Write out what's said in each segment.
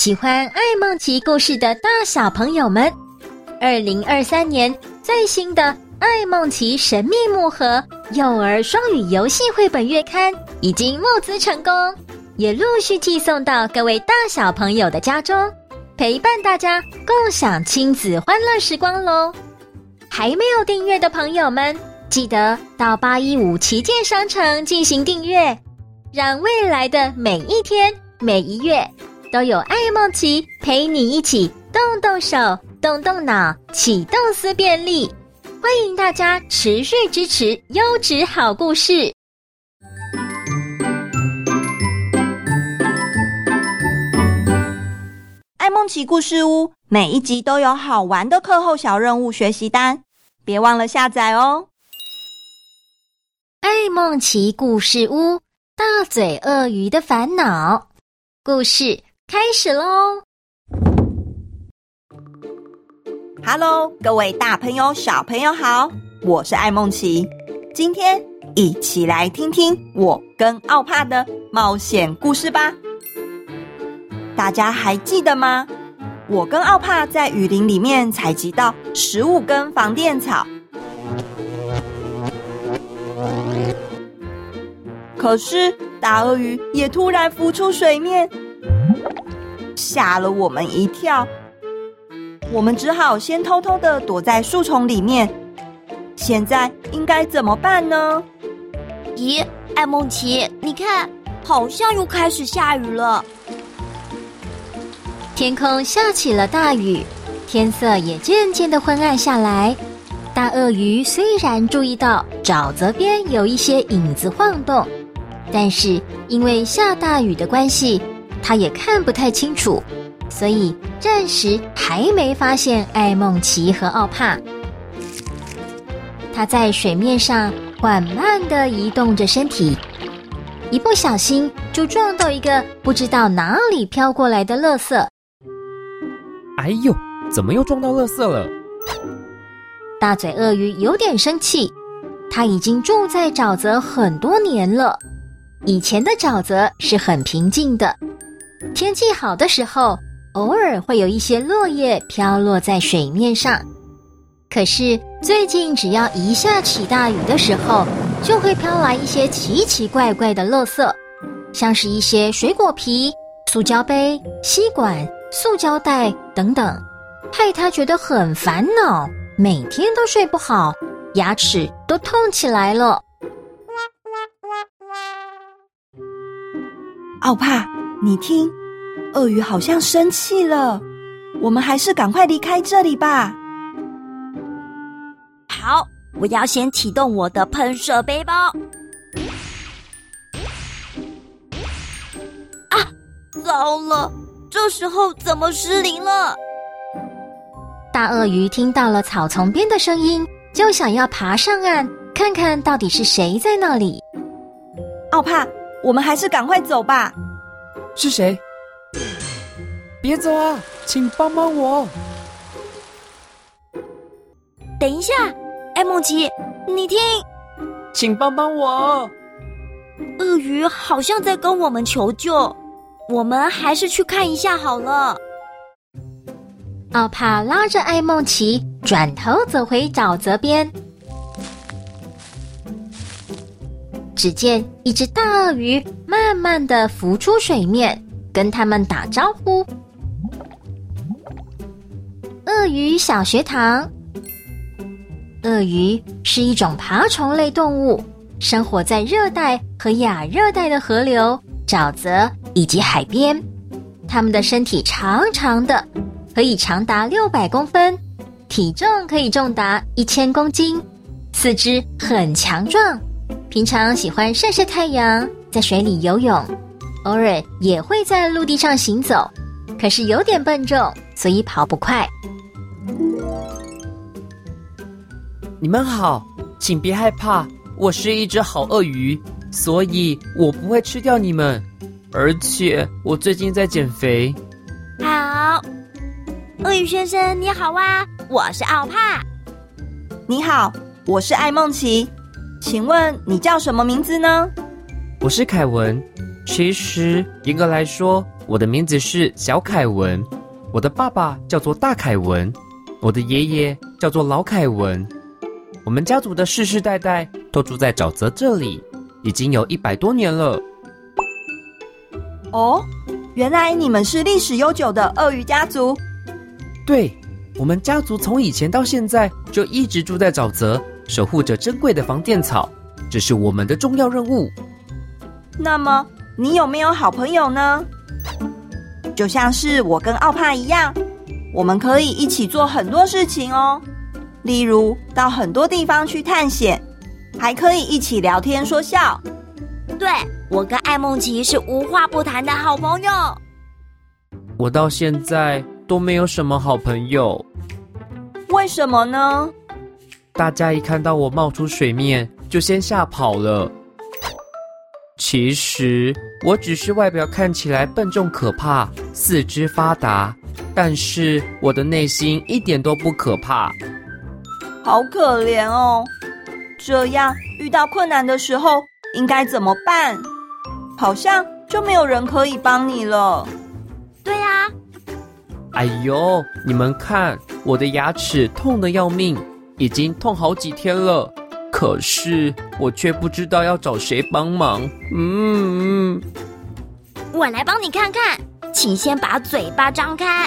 喜歡《愛孟奇故事》的大小朋友們，二零二三年最新的《愛孟奇神秘木盒》幼兒雙語遊戲繪本月刊已經募資成功，也陸續寄送到各位大小朋友的家中，陪伴大家共享親子歡樂時光嘍！還沒有訂閱的朋友們，記得到八一五旗艦商城進行訂閱，讓未來的每一天、每一月。都有愛孟奇陪你一起動動手、動動腦，啟動思辨力，歡迎大家持續支持優質好故事。愛孟奇故事屋每一集都有好玩的課後小任務學習單，別忘了下載哦。愛孟奇故事屋《大嘴鱷魚的煩惱》故事。開始嘍！Hello，各位大朋友、小朋友好，我是愛孟奇，今天一起來聽聽我跟奧帕的冒險故事吧。大家還記得嗎？我跟奧帕在雨林裡面採集到十五根防電草，可是大鱷魚也突然浮出水面。嚇了我們一跳，我們只好先偷偷的躲在樹叢裡面。現在應該怎麼辦呢？咦，愛孟奇，你看，好像又開始下雨了。天空下起了大雨，天色也漸漸的昏暗下來。大鱷魚雖然注意到沼澤邊有一些影子晃動，但是因為下大雨的關係。他也看不太清楚，所以暫時還沒發現愛孟奇和奧帕。他在水面上緩慢地移動着身體，一不小心就撞到一個不知道哪裡飄過來的垃圾。哎呦，怎麼又撞到垃圾了？大嘴鱷魚有點生氣。他已經住在沼澤很多年了，以前的沼澤是很平靜的。天氣好的時候，偶爾會有一些落葉飄落在水面上。可是最近，只要一下起大雨的時候，就會飄來一些奇奇怪怪的垃圾，像是一些水果皮、塑膠杯、吸管、塑膠袋等等，害他覺得很煩惱，每天都睡不好，牙齒都痛起來了。哇哇哇哇。奧帕。你聽，鱷魚好像生氣了，我們還是趕快離開這裡吧。好，我要先啟動我的噴射背包。啊，糟了，這時候怎麼失靈了？大鱷魚聽到了草叢邊的聲音，就想要爬上岸，看看到底是誰在那裡。奧帕，我們還是趕快走吧。是誰？別走啊！請幫幫我！等一下，愛孟奇，你聽，請幫幫我！鱷魚好像在跟我們求救，我們還是去看一下好了。奧帕拉着愛孟奇，轉頭走回沼澤邊。只見一隻大鱷魚慢慢的浮出水面，跟他們打招呼。鱷魚小學堂。鱷魚是一種爬蟲類動物，生活在熱帶和亞熱帶的河流、沼澤以及海邊。它們的身體長長的，可以長達六百公分，體重可以重達一千公斤，四肢很強壯。平常喜歡曬曬太陽，在水裡游泳，偶爾也會在陸地上行走。可是有點笨重，所以跑不快。你們好，請別害怕，我是一只好鱷魚，所以我不會吃掉你們，而且我最近在減肥。好，鱷魚先生，你好啊，我是奧帕。你好，我是愛孟奇。請問你叫什麼名字呢？我是凱文。其實嚴格來說，我的名字是小凱文。我的爸爸叫做大凱文，我的爺爺叫做老凱文。我們家族的世世代代都住在沼澤這裡，已經有一百多年了。哦，oh, 原來你們是歷史悠久的鱷魚家族。對，我們家族從以前到現在就一直住在沼澤。守護着珍貴的防電草，這是我們的重要任務。那麼，你有沒有好朋友呢？就像是我跟奧帕一樣，我們可以一起做很多事情哦，例如到很多地方去探險，還可以一起聊天說笑。對，我跟愛孟奇是無話不談的好朋友。我到現在都沒有什麼好朋友，為什麼呢？大家一看到我冒出水面，就先嚇跑了。其實我只是外表看起來笨重可怕，四肢發達，但是我的內心一點都不可怕。好可憐哦！這樣遇到困難的時候應該怎麼辦？好像就沒有人可以幫你了。對呀、啊。哎呦，你們看我的牙齒痛得要命。已經痛好幾天了，可是我卻不知道要找誰幫忙。嗯嗯，我來幫你看看，請先把嘴巴張開。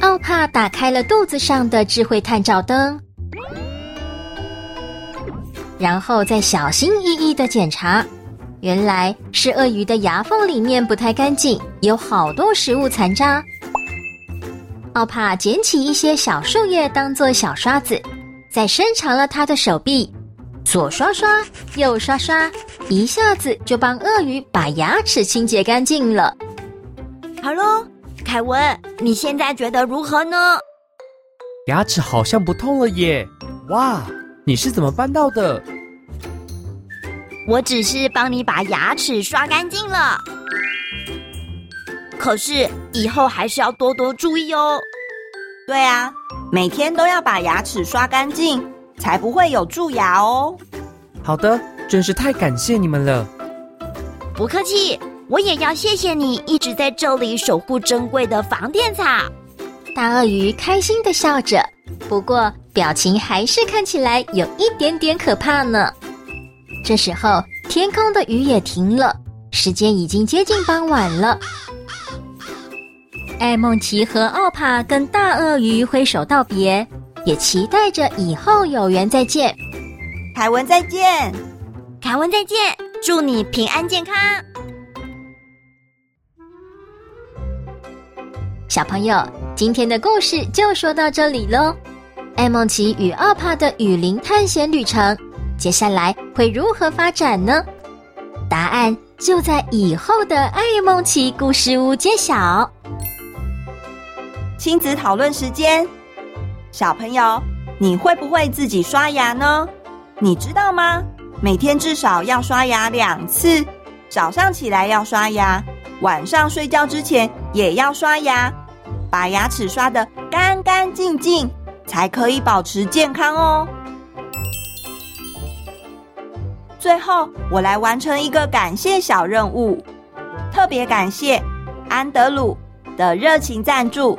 奧帕打開了肚子上的智慧探照燈，然後再小心翼翼的檢查，原來是鱷魚的牙縫裡面不太乾淨，有好多食物殘渣。奧帕撿起一些小樹葉當做小刷子。再伸長了他的手臂，左刷刷，右刷刷，一下子就幫鱷魚把牙齒清潔乾淨了。哈囉，凱文，你現在覺得如何呢？牙齒好像不痛了耶！哇，你是怎麼辦到的？我只是幫你把牙齒刷乾淨了，可是以後還是要多多注意哦。對啊，每天都要把牙齒刷乾淨，才不會有蛀牙哦。好的，真是太感謝你們了。不客氣，我也要謝謝你一直在這裡守護珍貴的防電草。大鱷魚開心的笑着，不過表情還是看起來有一點點可怕呢。這時候，天空的雨也停了，時間已經接近傍晚了。愛孟奇和奧帕跟大鱷魚揮手道別，也期待着以後有緣再見。凱文再見，凱文再見，祝你平安健康。小朋友，今天的故事就說到這裡嘍。愛孟奇與奧帕的雨林探險旅程，接下來會如何發展呢？答案就在以後的愛孟奇故事屋揭曉。親子討論時間，小朋友，你會不會自己刷牙呢？你知道嗎？每天至少要刷牙兩次，早上起來要刷牙，晚上睡覺之前也要刷牙，把牙齒刷得乾乾淨淨，才可以保持健康哦。最後，我來完成一個感謝小任務，特別感謝安德魯的熱情贊助。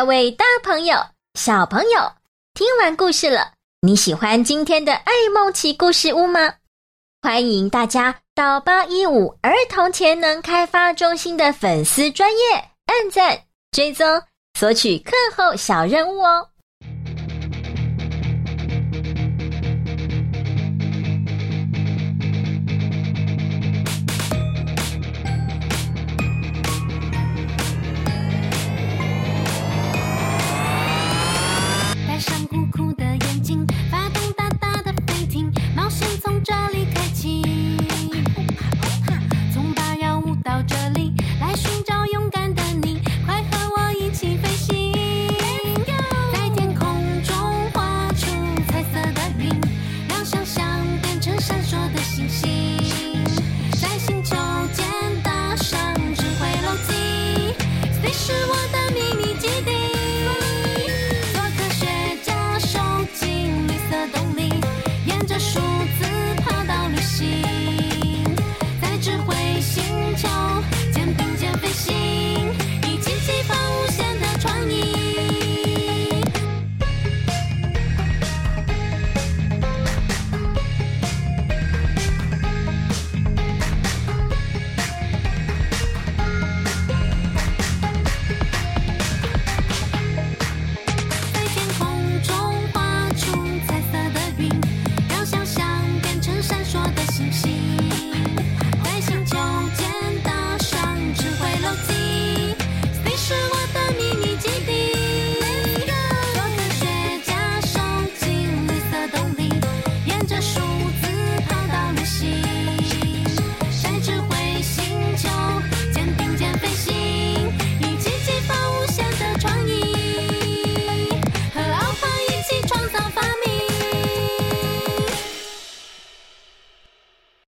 各位大朋友、小朋友，聽完故事了，你喜歡今天的《愛孟奇故事屋》嗎？歡迎大家到八一五兒童潛能開發中心的粉絲專頁，按贊、追蹤、索取課後小任務哦。